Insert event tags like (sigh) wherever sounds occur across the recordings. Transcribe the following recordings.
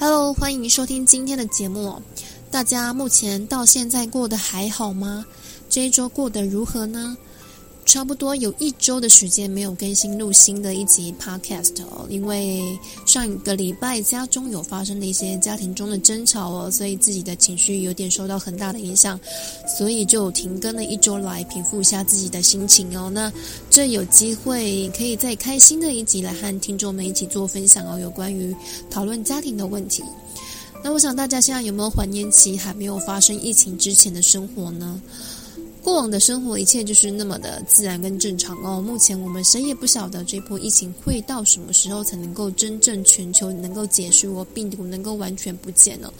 Hello，歡迎收聽今天的節目。大家目前到現在過得還好嗎？這一周過得如何呢？差不多有一週的時間沒有更新錄新的一集 podcast 哦，因為上一個禮拜家中有發生了一些家庭中的爭吵哦，所以自己的情緒有點受到很大的影響，所以就停更了一週來平復一下自己的心情哦。那這有機會可以再開新的一集來和聽眾們一起做分享哦，有關於討論家庭的問題。那我想大家現在有沒有懷念起還沒有發生疫情之前的生活呢？過往的生活一切就是那麼的自然跟正常哦。目前我們誰也不曉得這波疫情會到什麼時候才能夠真正全球能夠解除哦，病毒能夠完全不見了哦。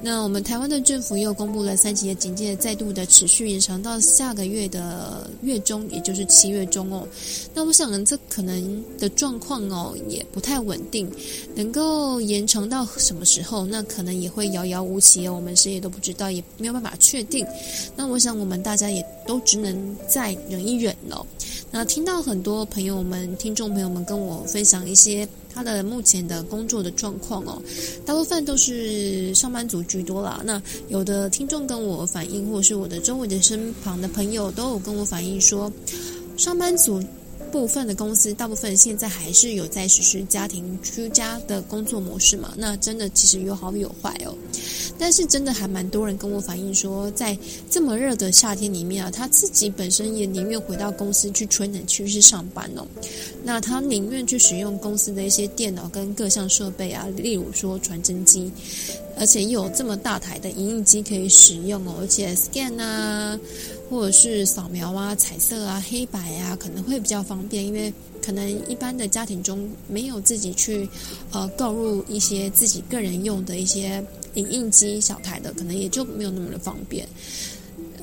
那我們台灣的政府又公布了三級的警戒，再度的持續延長到下個月的月中，也就是七月中哦。那我想呢，這可能的狀況哦也不太穩定，能夠延長到什麼時候，那可能也會遙遙無期哦。我們誰也都不知道，也沒有辦法確定。那我想我們大家也。都只能再忍一忍了。那聽到很多朋友們、聽眾朋友們跟我分享一些他的目前的工作的狀況哦，大部分都是上班族居多啦。那有的聽眾跟我反映，或是我的周圍的身旁的朋友都有跟我反映說，上班族。部分的公司，大部分現在還是有在實施家庭居家的工作模式嘛。那真的其實有好有壞哦。但是真的還蠻多人跟我反映說，在這麼熱的夏天裡面啊，他自己本身也寧願回到公司去吹冷氣去上班哦。那他寧願去使用公司的一些電腦跟各項設備啊，例如說傳真機。而且又有這麼大台的影印機可以使用哦，而且 scan 啊，或者是掃描啊、彩色啊、黑白啊，可能會比較方便，因為可能一般的家庭中沒有自己去，呃，購入一些自己個人用的一些影印機小台的，可能也就沒有那麼的方便。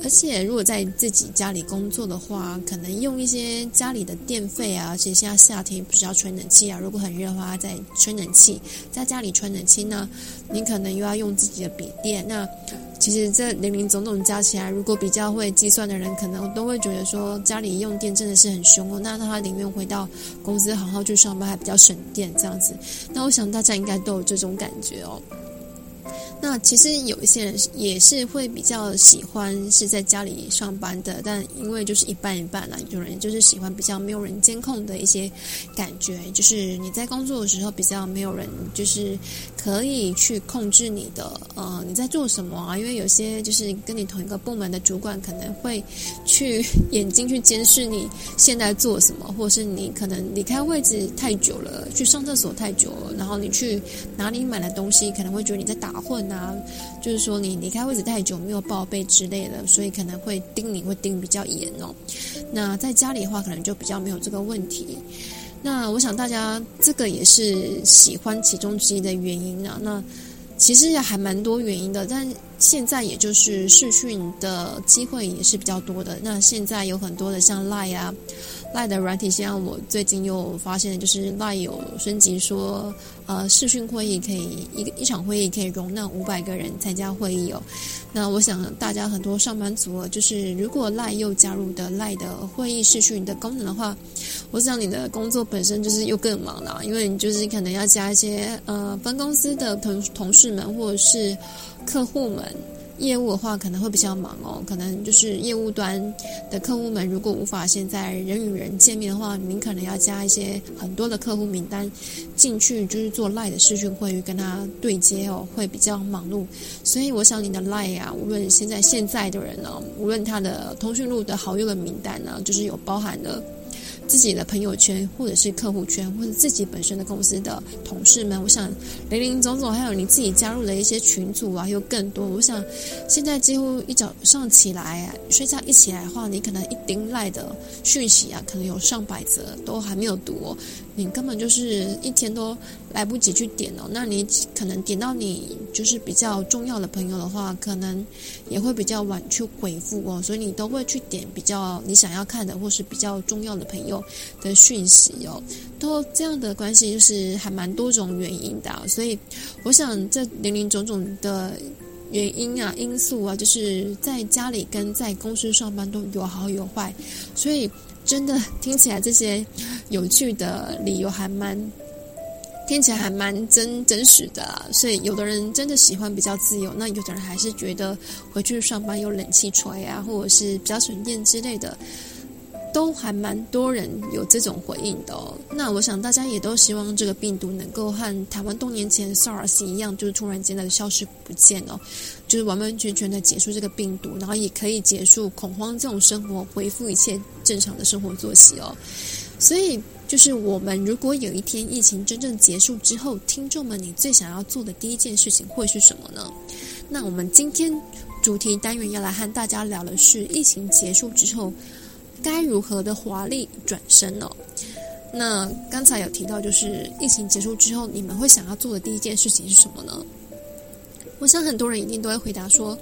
而且，如果在自己家裡工作的話，可能用一些家裡的電費啊，而且現在夏天不是要吹冷氣啊？如果很熱的話，再吹冷氣，在家裡吹冷氣呢，你可能又要用自己的筆電。那其實這林林總總加起來，如果比較會計算的人，可能都會覺得說家裡用電真的是很凶哦。那他寧願回到公司好好去上班，還比較省電這樣子。那我想大家應該都有這種感覺哦。那其實有一些人也是會比較喜歡是在家裡上班的，但因為就是一半一半啦、啊，有人就是喜歡比較沒有人監控的一些感覺，就是你在工作的時候比較沒有人就是可以去控制你的，呃，你在做什麼啊？因為有些就是跟你同一個部門的主管可能會去眼睛去監視你現在做什麼，或者是你可能離開位置太久了，去上廁所太久了，然後你去哪裡買的東西，可能會覺得你在打。打混啊，就是說你離開位置太久沒有報備之類的，所以可能會盯你會盯比較嚴哦。那在家裡的話，可能就比較沒有這個問題。那我想大家這個也是喜歡其中之一的原因呢？那其實也還蠻多原因的，但現在也就是視訊的機會也是比較多的。那現在有很多的像 Line 啊。賴的軟體，像我最近又發現，就是賴有升級說，說呃視訊會議可以一個一場會議可以容納五百個人參加會議哦。那我想大家很多上班族，就是如果賴又加入的賴的會議視訊的功能的話，我想你的工作本身就是又更忙了，因為你就是可能要加一些呃分公司的同同事們或者是客戶們。業務的話可能會比較忙哦，可能就是業務端的客戶們如果無法現在人與人見面的話，您可能要加一些很多的客戶名單進去，就是做賴的視訊會跟他對接哦，會比較忙碌。所以我想你的賴呀，啊，無論現在現在的人呢、哦，無論他的通訊錄的好友的名單呢、啊，就是有包含的。自己的朋友圈，或者是客戶圈，或者自己本身的公司的同事們，我想林林總總，還有你自己加入的一些群組啊，又更多。我想現在幾乎一早上起來，睡覺一起來的話，你可能一丁賴的訊息啊，可能有上百則，都還沒有讀哦。你根本就是一天都來不及去點哦，那你可能點到你就是比較重要的朋友的話，可能也會比較晚去回復哦，所以你都會去點比較你想要看的或是比較重要的朋友的訊息哦。都這樣的關係就是還蠻多種原因的哦，所以我想這林林總總的原因啊、因素啊，就是在家裡跟在公司上班都有好有壞，所以。真的聽起來這些有趣的理由還蠻聽起來還蠻真真實的，啊，所以有的人真的喜歡比較自由，那有的人還是覺得回去上班有冷氣吹啊，或者是比較省電之類的，都還蠻多人有這種回應的哦。那我想大家也都希望這個病毒能夠和台灣多年前 SARS 一樣，就是突然間的消失不見了哦。就是完完全全的結束這個病毒，然後也可以結束恐慌這種生活，恢復一切正常的生活作息哦。所以，就是我們如果有一天疫情真正結束之後，聽眾們，你最想要做的第一件事情會是什麼呢？那我們今天主題單元要來和大家聊的是疫情結束之後該如何的華麗轉身哦。那剛才有提到，就是疫情結束之後，你們會想要做的第一件事情是什麼呢？我想很多人一定都會回答說：“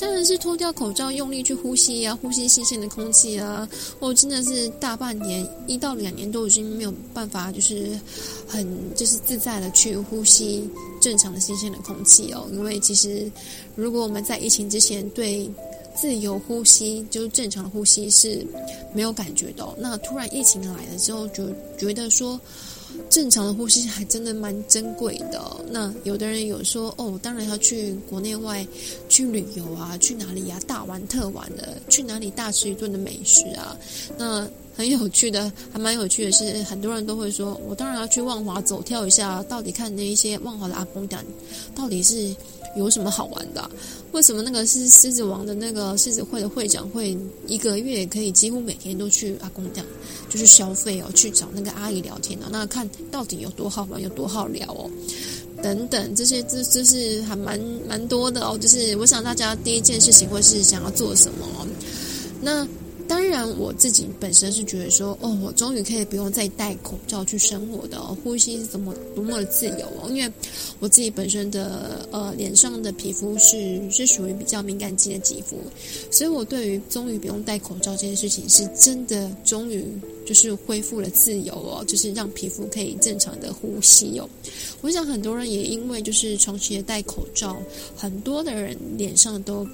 當然是脫掉口罩，用力去呼吸啊，呼吸新鮮的空氣啊！”我、哦、真的是大半年，一到兩年都已經沒有辦法，就是很就是自在的去呼吸正常的新鮮的空氣哦。因為其實如果我們在疫情之前對自由呼吸，就是正常的呼吸是沒有感覺的、哦，那突然疫情來了之後，就覺得說。正常的呼吸還真的蠻珍貴的哦。那有的人有說哦，當然要去國內外，去旅遊啊，去哪裡啊，大玩特玩的，去哪裡大吃一頓的美食啊。那很有趣的，還蠻有趣的是，很多人都會說，我當然要去萬華走跳一下，到底看那一些萬華的阿公店，到底是。有什麼好玩的、啊？為什麼那個是獅子王的那個獅子會的會長會一個月可以幾乎每天都去阿公店就是消費哦，去找那個阿姨聊天哦，那看到底有多好玩，有多好聊哦，等等這些這這是還蠻蠻多的哦，就是我想大家第一件事情會是想要做什麼、哦，那。當然，我自己本身是覺得說，哦，我終於可以不用再戴口罩去生活的、哦，呼吸是怎麼多麼的自由哦！因為我自己本身的呃臉上的皮膚是是屬於比較敏感肌的肌膚，所以我對於終於不用戴口罩這件事情，是真的終於就是恢復了自由哦，就是讓皮膚可以正常的呼吸哦。我想很多人也因為就是長期的戴口罩，很多的人臉上都。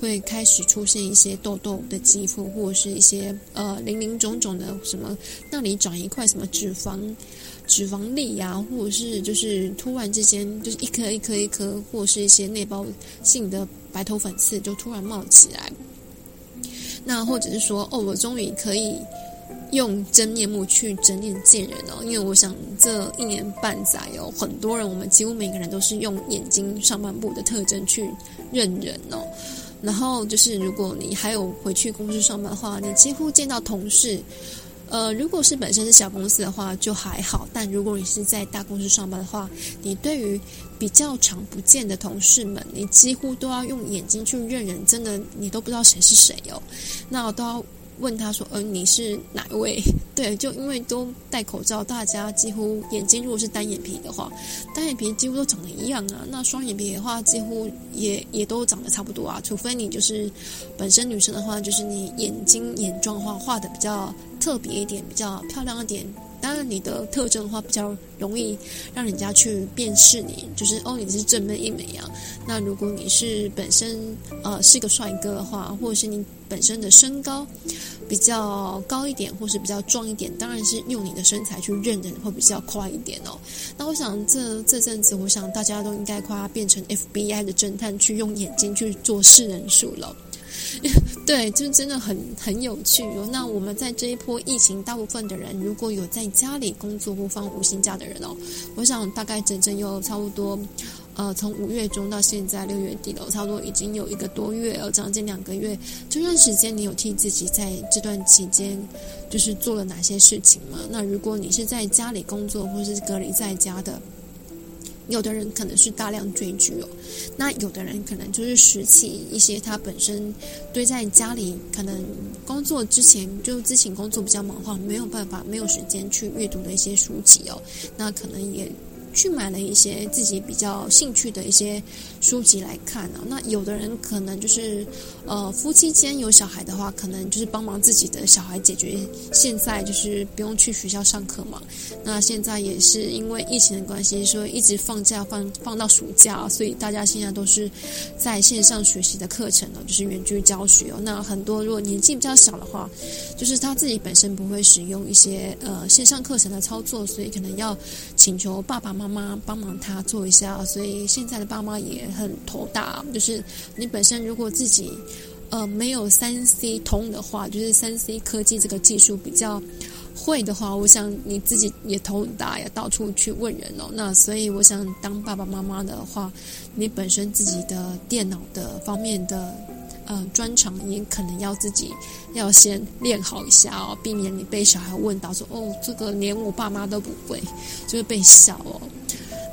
會開始出現一些痘痘的肌膚，或者是一些呃零零種種的什麼那裡長一塊什麼脂肪脂肪粒啊，或者是就是突然之間就是一顆一顆一顆，或是一些內包性的白頭粉刺就突然冒起來。那或者是說哦，我終於可以用真面目去整臉見人哦，因為我想這一年半載有很多人，我們幾乎每個人都是用眼睛上半部的特徵去認人哦。然後就是，如果你還有回去公司上班的話，你幾乎見到同事，呃，如果是本身是小公司的話就還好，但如果你是在大公司上班的話，你對於比較常不見的同事們，你幾乎都要用眼睛去認人，真的你都不知道誰是誰喲、哦，那都要。問他說：“嗯、呃，你是哪一位？”對，就因為都戴口罩，大家幾乎眼睛，如果是單眼皮的話，單眼皮幾乎都長得一樣啊。那雙眼皮的話，幾乎也也都長得差不多啊。除非你就是本身女生的話，就是你眼睛眼妝畫畫的比較特別一點，比較漂亮一點。當然，你的特徵的話，比較容易讓人家去辨識你，就是哦，你是正妹一枚啊。那如果你是本身呃是個帥哥的話，或者是你本身的身高比較高一點，或是比較壯一點，當然是用你的身材去認人會比較快一點哦。那我想這這陣子，我想大家都應該快變成 FBI 的偵探，去用眼睛去做識人術了。 (laughs) 對，就真的很很有趣哦。那我們在這一波疫情，大部分的人如果有在家裡工作或放五星假的人哦，我想大概整整有差不多，呃，從五月中到現在六月底了，差不多已經有一個多月了，呃，將近兩個月。這段時間你有替自己在這段期間，就是做了哪些事情嗎？那如果你是在家裡工作或是隔離在家的？有的人可能是大量追劇哦，那有的人可能就是拾起一些他本身堆在家裡，可能工作之前，就之前工作比較忙的話，沒有辦法，沒有時間去閱讀的一些書籍哦，那可能也。去買了一些自己比較興趣的一些書籍來看啊。那有的人可能就是，呃，夫妻間有小孩的話，可能就是幫忙自己的小孩解決。現在就是不用去學校上課嘛。那現在也是因為疫情的關係，所以一直放假放放到暑假啊，所以大家現在都是在線上學習的課程了啊，就是遠距教學哦啊。那很多如果年紀比較小的話，就是他自己本身不會使用一些呃線上課程的操作，所以可能要請求爸爸媽媽。媽幫忙他做一下，所以現在的爸媽也很頭大。就是你本身如果自己，呃，沒有三 C 通的話，就是三 C 科技這個技術比較會的話，我想你自己也頭很大呀，也到處去問人哦。那所以我想當爸爸媽媽的話，你本身自己的電腦的方面的。嗯、呃，專場也可能要自己要先練好一下哦，避免你被小孩問到說：“哦，這個連我爸媽都不會，就是被笑哦。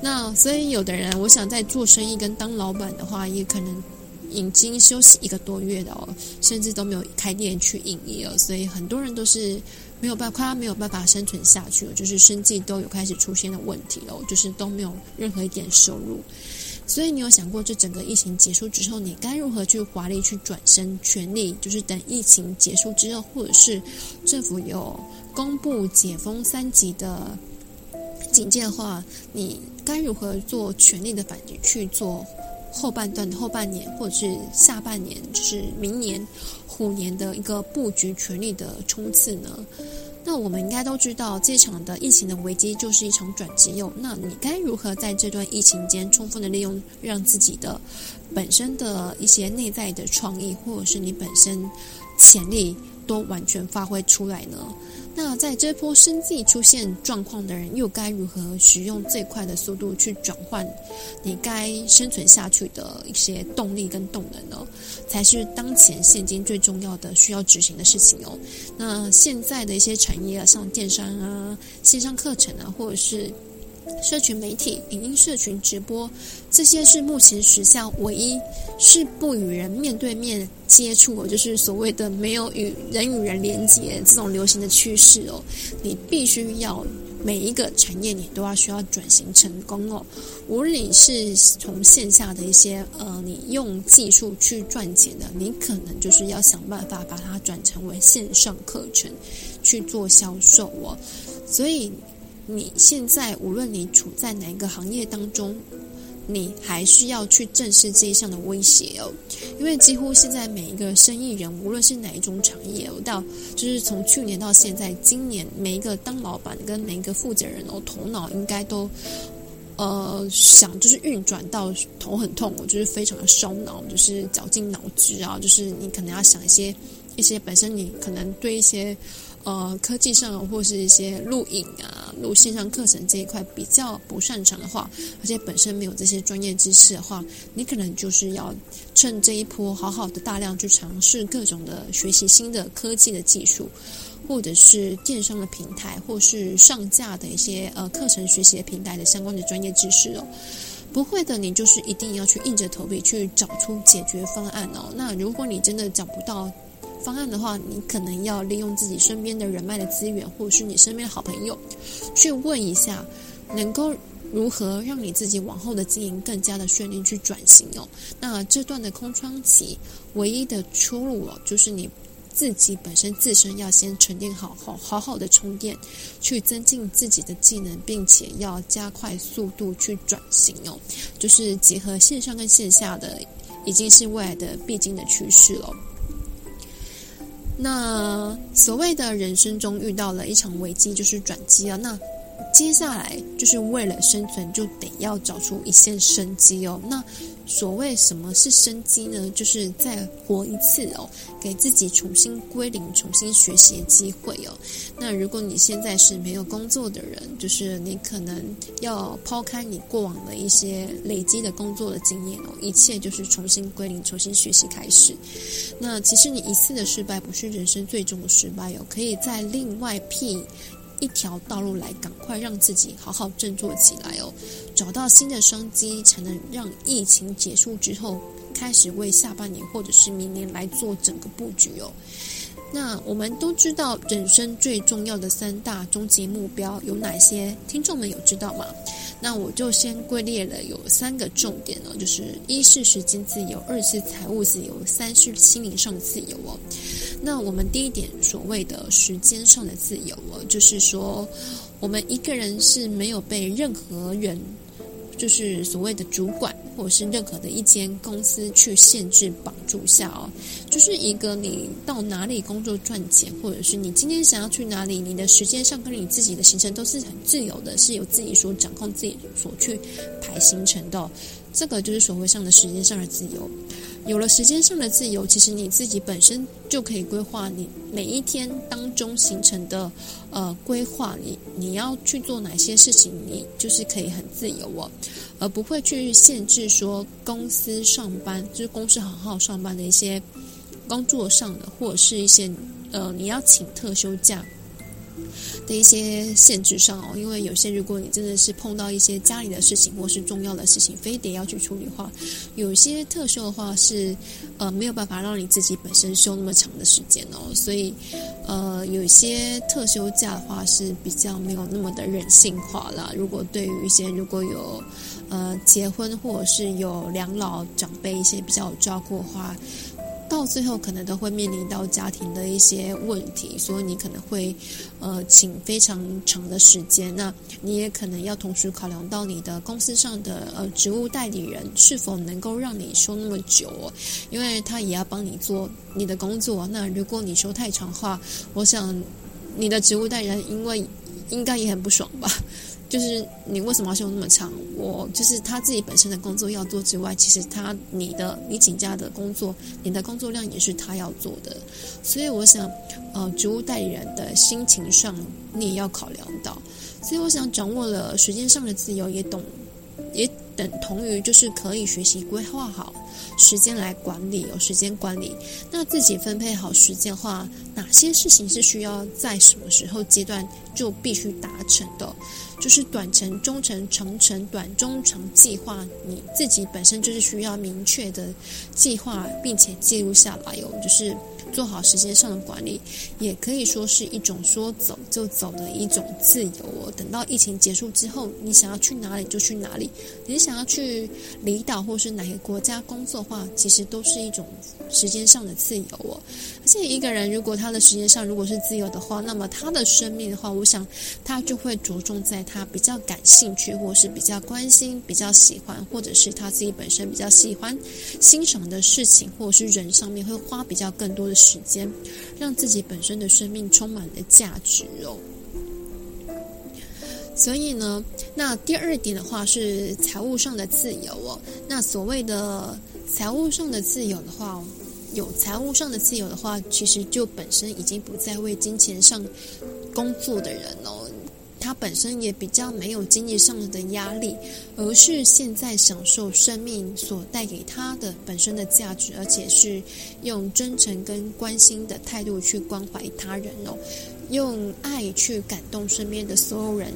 那”那所以有的人，我想在做生意跟當老闆的話，也可能已經休息一個多月了哦，甚至都沒有開店去營業了。所以很多人都是沒有辦法，快要沒有辦法生存下去了，就是生計都有開始出現的問題了，就是都沒有任何一點收入。所以，你有想過，這整個疫情結束之後，你該如何去華麗去轉身？全力就是等疫情結束之後，或者是政府有公布解封三級的警戒的話，你該如何做全力的反擊？去做後半段、後半年，或者是下半年，就是明年虎年的一個布局、全力的衝刺呢？那我們應該都知道，這場的疫情的危機就是一場轉機。又，那你該如何在這段疫情間充分的利用，讓自己的本身的一些內在的創意，或者是你本身潛力都完全發揮出來呢？那在這波生計出現狀況的人，又該如何使用最快的速度去轉換你該生存下去的一些動力跟動能呢？才是當前現今最重要的需要執行的事情哦。那現在的一些產業啊，像電商啊、線上課程啊，或者是。社群媒體、影音社群直播，這些是目前時下唯一是不與人面對面接觸哦，就是所謂的沒有與人與人連接這種流行的趨勢哦。你必須要每一個產業，你都要需要轉型成功哦。無論你是從線下的一些呃，你用技術去賺錢的，你可能就是要想辦法把它轉成為線上課程去做銷售哦，所以。你現在無論你處在哪一個行業當中，你還需要去正視這一項的威脅哦，因為幾乎現在每一個生意人，無論是哪一種產業，我到就是從去年到現在，今年每一個當老闆跟每一個負責人哦，我頭腦應該都呃想就是運轉到頭很痛，我就是非常的燒腦，就是絞盡腦汁啊，就是你可能要想一些一些本身你可能對一些。呃，科技上或是一些錄影啊、錄線上課程這一塊比較不擅長的話，而且本身沒有這些專業知識的話，你可能就是要趁這一波好好的大量去嘗試各種的學習新的科技的技術，或者是電商的平台，或是上架的一些呃課程學習的平台的相關的專業知識哦。不會的，你就是一定要去硬着頭皮去找出解決方案哦。那如果你真的找不到，方案的話，你可能要利用自己身邊的人脈的資源，或者是你身邊的好朋友，去問一下，能夠如何讓你自己往後的經營更加的順利去轉型哦。那這段的空窗期，唯一的出路哦，就是你自己本身自身要先沉澱好好好好的充電，去增進自己的技能，並且要加快速度去轉型哦。就是結合線上跟線下的，已經是未來的必經的趨勢了哦。那所謂的人生中遇到了一場危機，就是轉機了。那。接下來就是為了生存，就得要找出一線生機哦。那所謂什麼是生機呢？就是再活一次哦，給自己重新歸零、重新學習機會哦。那如果你現在是沒有工作的人，就是你可能要拋開你過往的一些累積的工作的經驗哦，一切就是重新歸零、重新學習開始。那其實你一次的失敗不是人生最終的失敗哦，可以再另外拼一條道路來，趕快讓自己好好振作起來哦，找到新的商機，才能讓疫情結束之後，開始為下半年或者是明年來做整個布局哦。那我們都知道，人生最重要的三大終極目標有哪些？聽眾們有知道嗎？那我就先歸列了有三個重點哦，就是一是時間自由，二是財務自由，三是心靈上的自由哦。那我們第一點，所謂的時間上的自由哦，就是說，我們一個人是沒有被任何人，就是所謂的主管或者是任何的一間公司去限制、綁住下哦，就是一個你到哪裡工作賺錢，或者是你今天想要去哪裡，你的時間上跟你自己的行程都是很自由的，是由自己所掌控、自己所去排行程的哦，這個就是所謂上的時間上的自由。有了時間上的自由，其實你自己本身就可以規劃你每一天當中行程的，呃，規劃你你要去做哪些事情，你就是可以很自由哦，而不會去限制說公司上班，就是公司行號上班的一些工作上的，或者是一些呃你要請特休假。的一些限制上哦，因為有些如果你真的是碰到一些家裡的事情或是重要的事情，非得要去處理的話，有些特休的話是，呃，沒有辦法讓你自己本身休那麼長的時間哦，所以，呃，有些特休假的話是比較沒有那麼的人性化啦。如果對於一些如果有，呃，結婚或者是有養老長輩一些比較照顧的話。到最後可能都會面臨到家庭的一些問題，所以你可能會，呃，請非常長的時間。那你也可能要同時考量到你的公司上的呃職務代理人是否能夠讓你休那麼久，因為他也要幫你做你的工作。那如果你休太長的話，我想你的職務代理人因為應該也很不爽吧。就是你為什麼要休那麼長？我就是他自己本身的工作要做之外，其實他你的你請假的工作，你的工作量也是他要做的。所以我想，呃，職務代理人的心情上，你也要考量到。所以我想，掌握了時間上的自由，也懂，也等同於就是可以學習規劃好時間來管理，有時間管理，那自己分配好時間的話，哪些事情是需要在什麼時候階段就必須達成的。就是短程、中程、長程、程短中程計劃，你自己本身就是需要明確的計劃，並且記錄下來哦，就是。做好時間上的管理，也可以說是一種說走就走的一種自由哦。等到疫情結束之後，你想要去哪裡就去哪裡。你想要去離島或是哪個國家工作的話，其實都是一種時間上的自由哦。而且一個人如果他的時間上如果是自由的話，那麼他的生命的話，我想他就會着重在他比較感興趣或是比較關心、比較喜歡，或者是他自己本身比較喜歡欣賞的事情或者是人上面會花比較更多的時間，讓自己本身的生命充滿了價值哦。所以呢，那第二點的話是財務上的自由哦。那所謂的財務上的自由的話，有財務上的自由的話，其實就本身已經不再為金錢上工作的人哦。他本身也比較沒有經濟上的壓力，而是現在享受生命所帶給他的本身的價值，而且是用真誠跟關心的態度去關懷他人哦，用愛去感動身邊的所有人，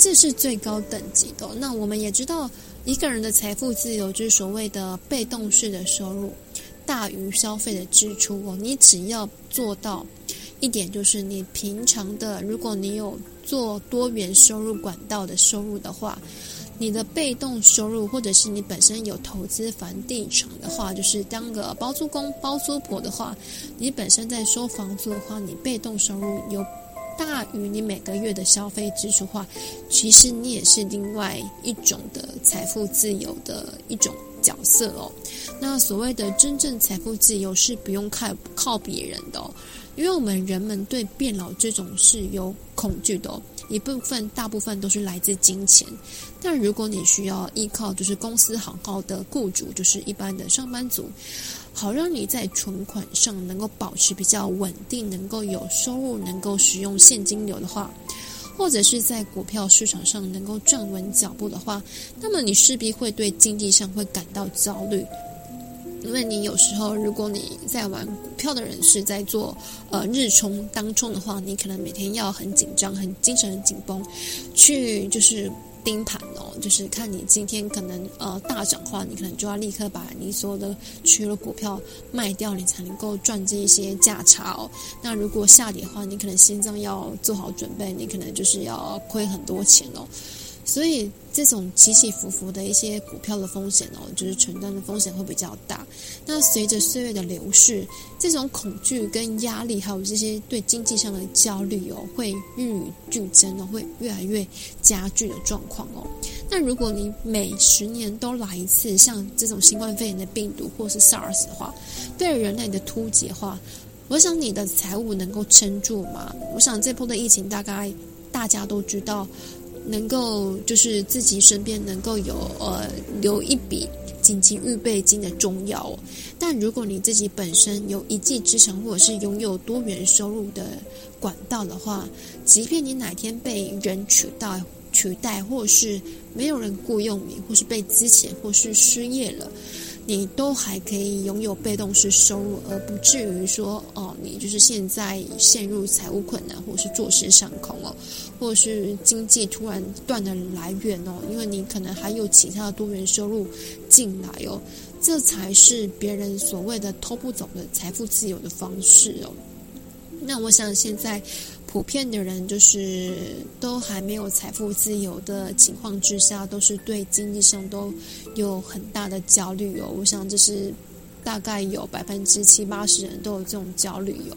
這是最高等級的哦。那我們也知道，一個人的財富自由就是所謂的被動式的收入大於消費的支出哦，你只要做到。一點就是你平常的，如果你有做多元收入管道的收入的話，你的被動收入，或者是你本身有投資房地產的話，就是當個包租公、包租婆的話，你本身在收房租的話，你被動收入有大於你每個月的消費支出的話，其實你也是另外一種的財富自由的一種角色哦。那所謂的真正財富自由是不用靠靠別人的哦。因為我們人們對變老這種是有恐懼的哦，一部分大部分都是來自金錢。但如果你需要依靠就是公司行號的雇主，就是一般的上班族，好讓你在存款上能夠保持比較穩定，能夠有收入，能夠使用現金流的話，或者是在股票市場上能夠站穩腳步的話，那麼你勢必會對經濟上會感到焦慮。因為你有時候，如果你在玩股票的人是在做呃日沖、當沖的話，你可能每天要很緊張、很精神、很緊繃，去就是盯盤哦，就是看你今天可能呃大漲的話，你可能就要立刻把你所有的持有的股票賣掉，你才能夠賺這一些價差哦。那如果下跌的話，你可能心臟要做好準備，你可能就是要虧很多錢哦。所以，這種起起伏伏的一些股票的風險哦，就是承擔的風險會比較大。那隨着歲月的流逝，這種恐懼跟壓力，還有這些對經濟上的焦慮哦，會與日俱增哦，會越來越加劇的狀況哦。那如果你每十年都來一次像這種新冠肺炎的病毒，或是 SARS 的話，對人類的突擊的話，我想你的財務能夠撐住嗎？我想這波的疫情大概大家都知道。能夠就是自己身邊能夠有呃留一筆緊急預備金的重要，但如果你自己本身有一技之長或者是擁有多元收入的管道的話，即便你哪天被人取代取代，或是沒有人僱傭你，或是被資遣或是失業了。你都還可以擁有被動式收入，而不至於說哦，你就是現在陷入財務困難，或者是坐吃山空哦，或者是經濟突然斷了來源哦，因為你可能還有其他的多元收入進來哦，這才是別人所謂的偷不走的財富自由的方式哦。那我想現在。普遍的人就是都還沒有財富自由的情況之下，都是對經濟上都有很大的焦慮哦。我想這是大概有百分之七八十人都有這種焦慮哦。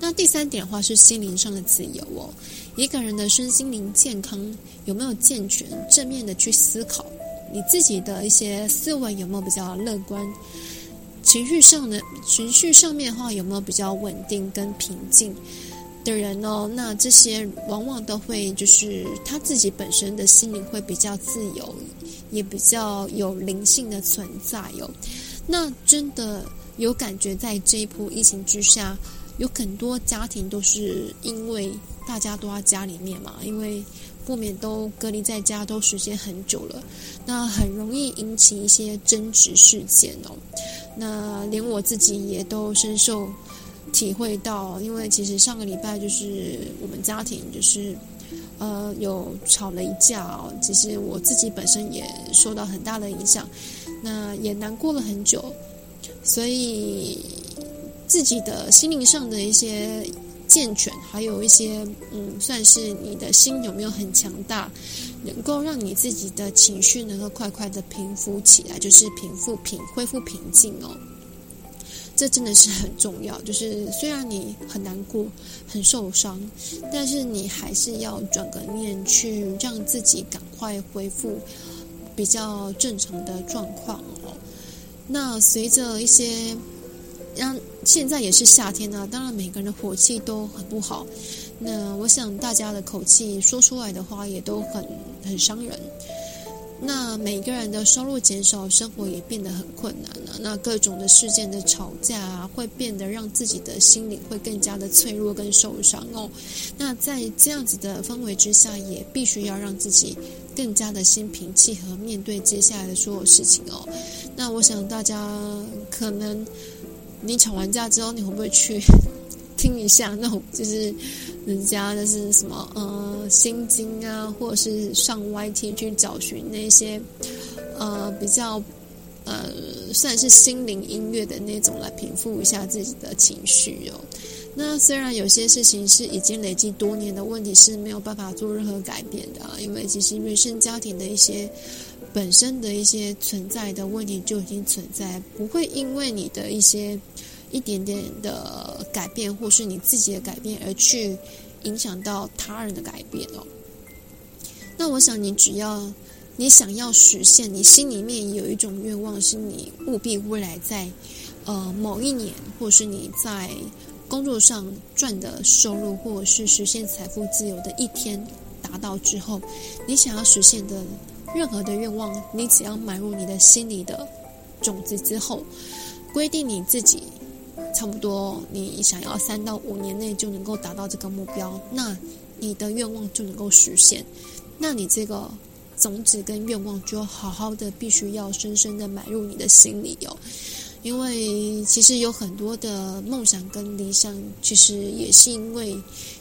那第三點的話是心靈上的自由哦。一個人的身心靈健康有沒有健全？正面的去思考你自己的一些思維有沒有比較樂觀？情緒上的情緒上面的話有沒有比較穩定跟平靜？的人呢，哦，那這些往往都會就是他自己本身的心靈會比較自由，也比較有靈性的存在哦。那真的有感覺，在這一波疫情之下，有很多家庭都是因為大家都在家裡面嘛，因為不免都隔離在家，都時間很久了，那很容易引起一些爭執事件哦。那連我自己也都深受。體會到，因為其實上個禮拜就是我們家庭就是，呃，有吵了一架哦。其實我自己本身也受到很大的影響，那也難過了很久，所以自己的心靈上的一些健全，還有一些嗯，算是你的心有沒有很強大，能夠讓你自己的情緒能夠快快的平復起來，就是平復，平，恢復平靜哦。這真的是很重要，就是雖然你很難過、很受傷，但是你還是要轉個念，去讓自己趕快恢復比較正常的狀況哦。那隨着一些，讓、啊，現在也是夏天呢，啊，當然每個人的火氣都很不好。那我想大家的口氣說出來的話也都很很傷人。那每個人的收入減少，生活也變得很困難了。那各種的事件的吵架啊，會變得讓自己的心靈會更加的脆弱跟受傷哦。那在這樣子的氛圍之下，也必須要讓自己更加的心平氣和面對接下來的所有事情哦。那我想大家可能你吵完架之後，你會不會去聽一下那種，就是人家就是什麼呃心經啊，或者是上 Y T 去找尋那些呃比較呃算是心靈音樂的那種，來平復一下自己的情緒哦。那雖然有些事情是已經累積多年的問題，是沒有辦法做任何改變的啊，因為其實原生家庭的一些本身的一些存在的問題就已經存在，不會因為你的一些。一點點的改變，或是你自己的改變，而去影響到他人的改變哦。那我想，你只要你想要實現，你心裡面有一種願望，是你務必未來在呃某一年，或是你在工作上賺的收入，或者是實現財富自由的一天達到之後，你想要實現的任何的願望，你只要埋入你的心裡的種子之後，規定你自己。差不多，你想要三到五年內就能夠達到這個目標，那你的願望就能夠實現。那你這個種子跟願望就好好的，必須要深深的埋入你的心裡哦。因為其實有很多的夢想跟理想，其實也是因為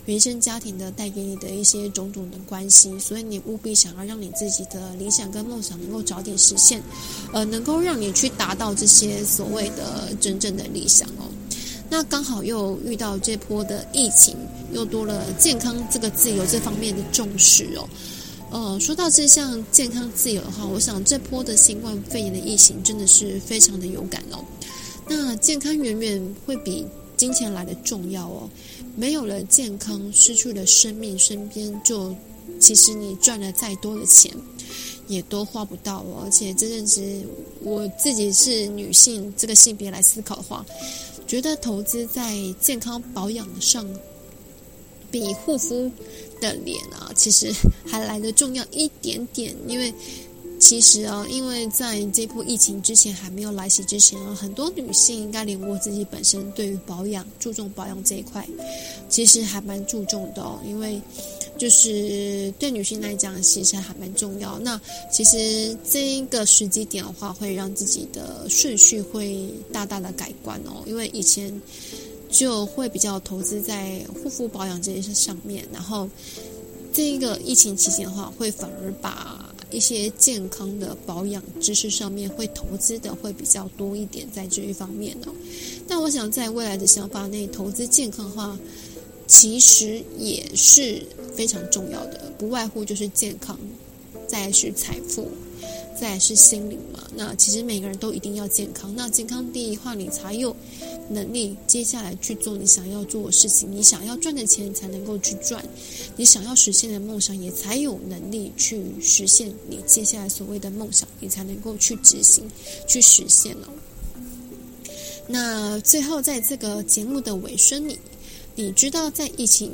原生家庭的帶給你的一些種種的關係，所以你務必想要讓你自己的理想跟夢想能夠早點實現，呃，能夠讓你去達到這些所謂的真正的理想哦。那剛好又遇到這波的疫情，又多了健康這個自由這方面的重視哦。呃，說到這項健康自由的話，我想這波的新冠肺炎的疫情真的是非常的有感哦。那健康遠遠會比金錢來的重要哦。沒有了健康，失去了生命，身邊就其實你賺了再多的錢，也都花不到哦。而且，這陣子我自己是女性這個性別來思考的話。覺得投資在健康保養上，比護膚的臉啊，其實還來得重要一點點。因為其實啊，因為在這波疫情之前還沒有來襲之前啊，很多女性應該連我自己本身對於保養、注重保養這一塊，其實還蠻注重的哦。因為就是對女性來講，其實還蠻重要。那其實這一個時機點的話，會讓自己的順序會大大的改觀哦。因為以前就會比較投資在護膚保養這些上面，然後這個疫情期間的話，會反而把一些健康的保養知識上面會投資的會比較多一點在這一方面哦。那我想在未來的想法內，投資健康的話。其實也是非常重要的，不外乎就是健康，再來是財富，再來是心靈嘛。那其實每個人都一定要健康。那健康第一的話，你才有能力接下來去做你想要做的事情，你想要賺的錢才能夠去賺，你想要實現的夢想也才有能力去實現你接下來所謂的夢想，你才能夠去執行去實現哦。那最後，在這個節目的尾聲裡。你知道在疫情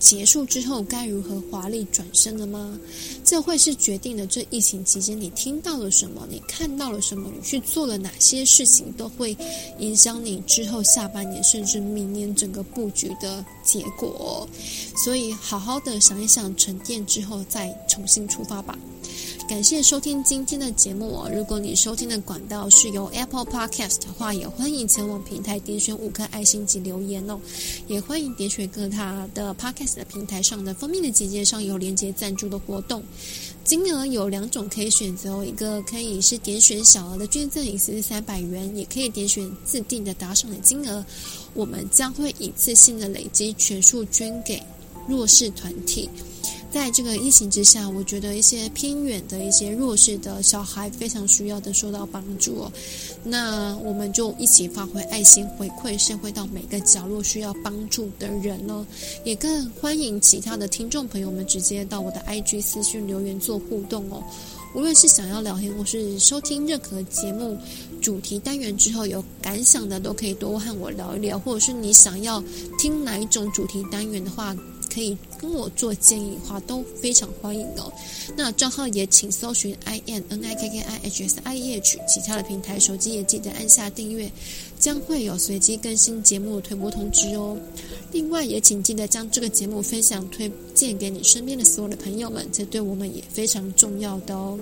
結束之後該如何華麗轉身了嗎？這會是決定了這疫情期間你聽到了什麼，你看到了什麼，你去做了哪些事情，都會影響你之後下半年甚至明年整個布局的結果。所以，好好的想一想，沉澱之後再重新出發吧。感謝收聽今天的節目哦！如果你收聽的管道是由 Apple Podcast 的話，也歡迎前往平台點選五顆愛心及留言哦。也歡迎點選各大的 Podcast 的平台上的封面的簡介上有連結贊助的活動，金額有兩種可以選擇哦，一個可以是點選小額的捐贈，也是三百元，也可以點選自定的打賞的金額，我們將會一次性的累積全數捐給弱勢團體。在這個疫情之下，我覺得一些偏遠的一些弱勢的小孩非常需要的受到幫助哦。那我們就一起發揮愛心回饋社會，到每個角落需要幫助的人哦。也更歡迎其他的聽眾朋友們直接到我的 IG 私信留言做互動哦。無論是想要聊天，或是收聽任何節目主題單元之後有感想的，都可以多和我聊一聊，或者是你想要聽哪一種主題單元的話。可以跟我做建議的話，都非常歡迎哦。那賬號也請搜尋 i n n i k k i h s i e h，其他的平台，手機也記得按下訂閱。將會有隨機更新節目的推播通知哦。另外，也請記得將這個節目分享推薦給你身邊的所有的朋友們，這對我們也非常重要的哦。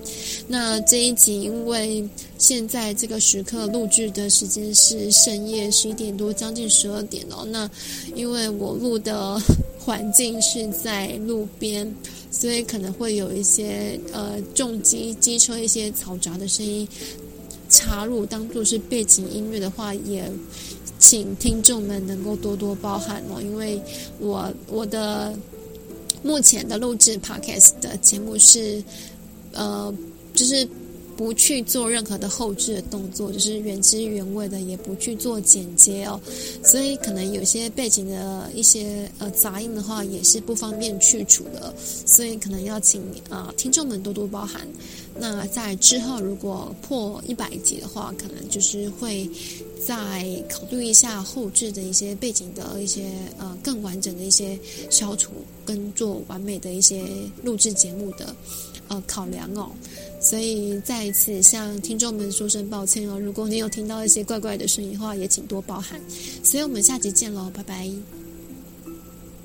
那這一集因為現在這個時刻錄製的時間是深夜十一點多，將近十二點哦。那因為我錄的環境是在路邊，所以可能會有一些呃重機、機車一些嘈雜的聲音。插入當做是背景音樂的話，也請聽眾們能夠多多包涵哦。因為我我的目前的錄製 podcast 的節目是呃，就是不去做任何的後置的動作，就是原汁原味的，也不去做剪接哦。所以可能有些背景的一些呃雜音的話，也是不方便去除的。所以可能要請啊、呃、聽眾們多多包涵。那在之後，如果破一百集的話，可能就是會再考慮一下後製的一些背景的一些呃更完整的一些消除跟做完美的一些錄製節目的呃考量哦。所以再一次向聽眾們說聲抱歉哦，如果你有聽到一些怪怪的聲音的話，也請多包涵。所以我們下集見嘍，拜拜。